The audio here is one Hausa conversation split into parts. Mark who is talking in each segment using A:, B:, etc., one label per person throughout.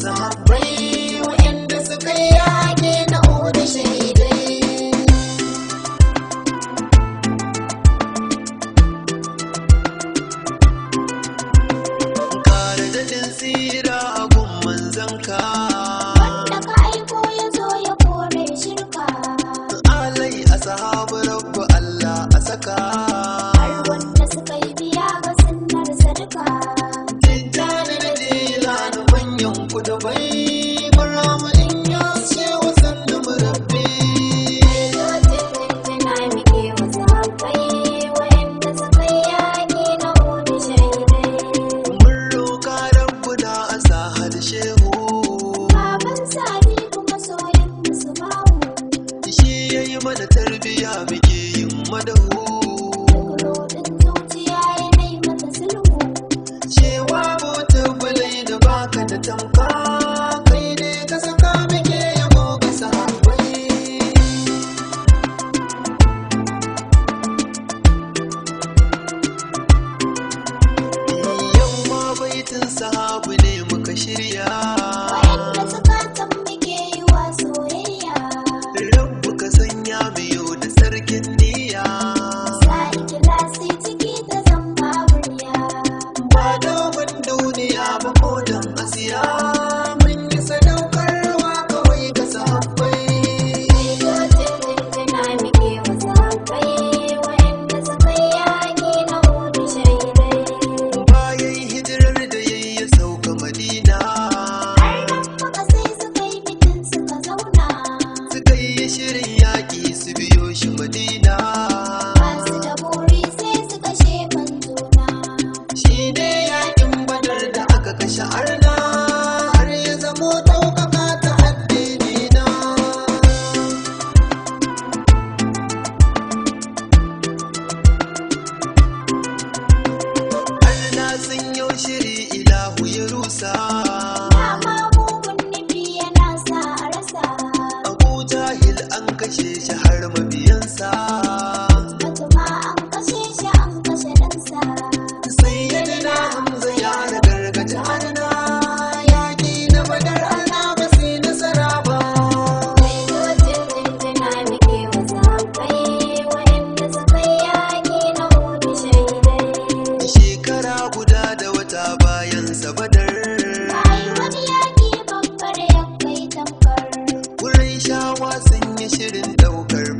A: sahabbai wa'yanda suka yi yaƙi na uhudu shahidai kare daɗin tsira a gun manzanka wanda ka aiko ya zo ya kore shirka alai a sahabu rabba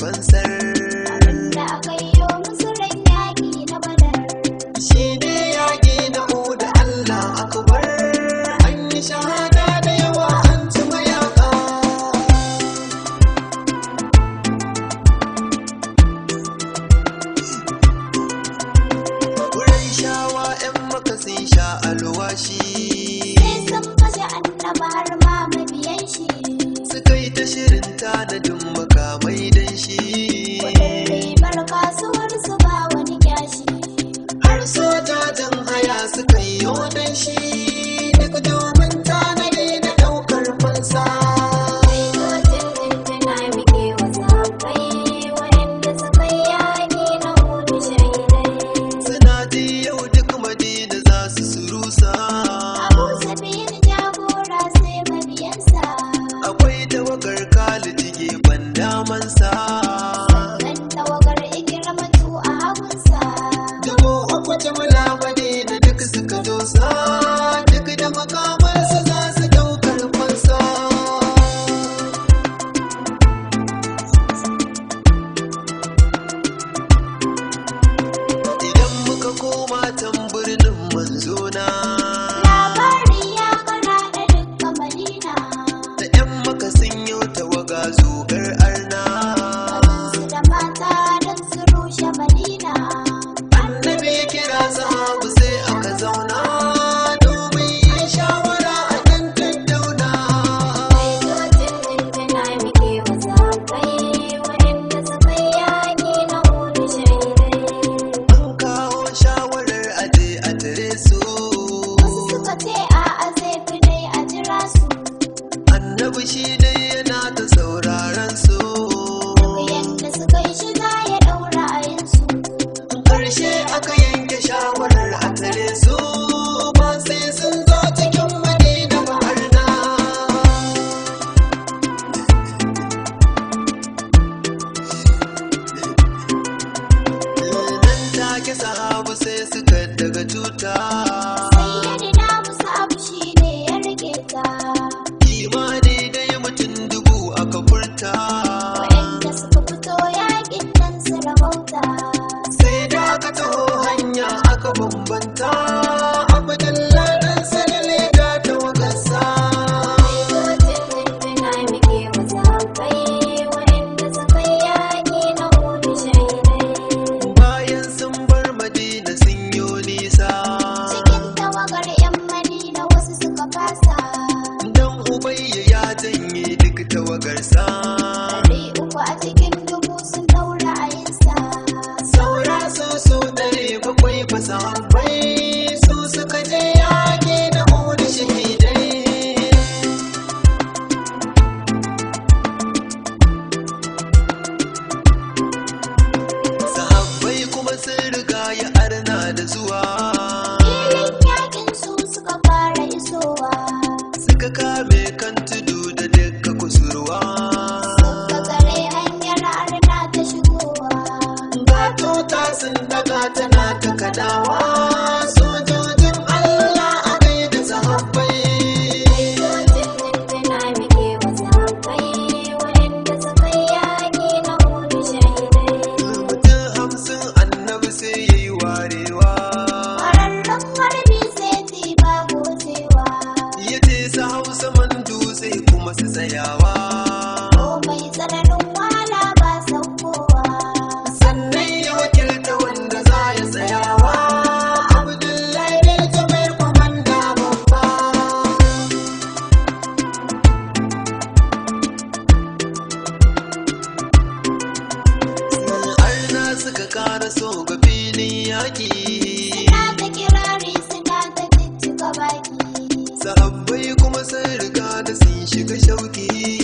A: One second. So much. they sun daga tana ta kadawa ka kara so ga filin yaki suna ta kirari suna ta baki sahabbai kuma sun riga da sun shiga shauki